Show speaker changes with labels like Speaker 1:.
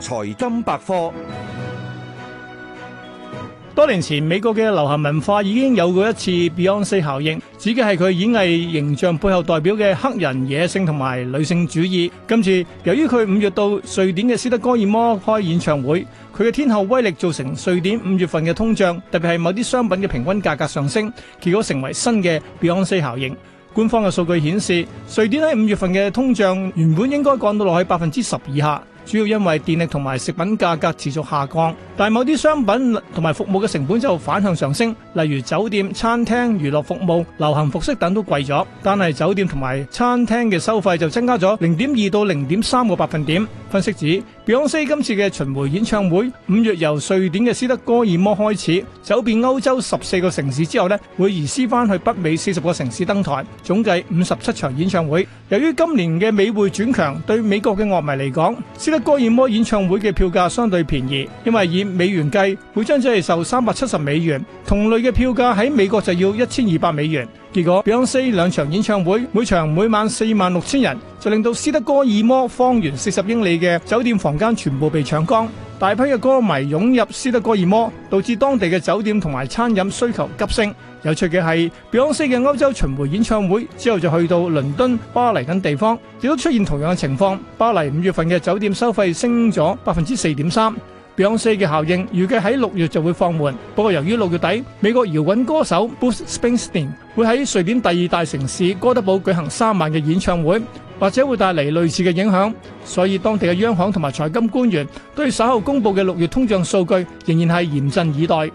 Speaker 1: 財金百科。多年前，美國嘅流行文化已經有過一次 Beyonce 效應，指嘅係佢演藝形象背後代表嘅黑人野性同埋女性主義。今次由於佢五月到瑞典嘅斯德哥爾摩開演唱會，佢嘅天后威力造成瑞典五月份嘅通脹，特別係某啲商品嘅平均價格上升，結果成為新嘅 Beyonce 效應。官方嘅數據顯示，瑞典喺五月份嘅通脹原本應該降到落去百分之十以下。主要因為電力同埋食品價格持續下降，但某啲商品同埋服務嘅成本就反向上升，例如酒店、餐廳、娛樂服務、流行服飾等都貴咗。但係酒店同埋餐廳嘅收費就增加咗零點二到零點三個百分點。分析指，Beyonce 今次嘅巡迴演唱會五月由瑞典嘅斯德哥爾摩開始，走遍歐洲十四個城市之後咧，會移師翻去北美四十個城市登台，總計五十七場演唱會。由於今年嘅美匯轉強，對美國嘅樂迷嚟講，斯德哥爾摩演唱會嘅票價相對便宜，因為以美元計，每張只係售三百七十美元。同類嘅票價喺美國就要一千二百美元。結果，比昂斯兩場演唱會，每場每晚四萬六千人，就令到斯德哥爾摩方圓四十英里嘅酒店房間全部被搶光。大批嘅歌迷湧入斯德哥爾摩，導致當地嘅酒店同埋餐飲需求急升。有趣嘅係，碧昂斯嘅歐洲巡迴演唱會之後就去到倫敦、巴黎等地方，亦都出現同樣嘅情況。巴黎五月份嘅酒店收費升咗百分之四點三。Beyoncé 嘅效應預計喺六月就會放緩，不過由於六月底美國搖滾歌手 Bruce Springsteen 會喺瑞典第二大城市哥德堡舉行三萬嘅演唱會，或者會帶嚟類似嘅影響，所以當地嘅央行同埋財金官員對稍後公佈嘅六月通脹數據仍然係嚴陣以待。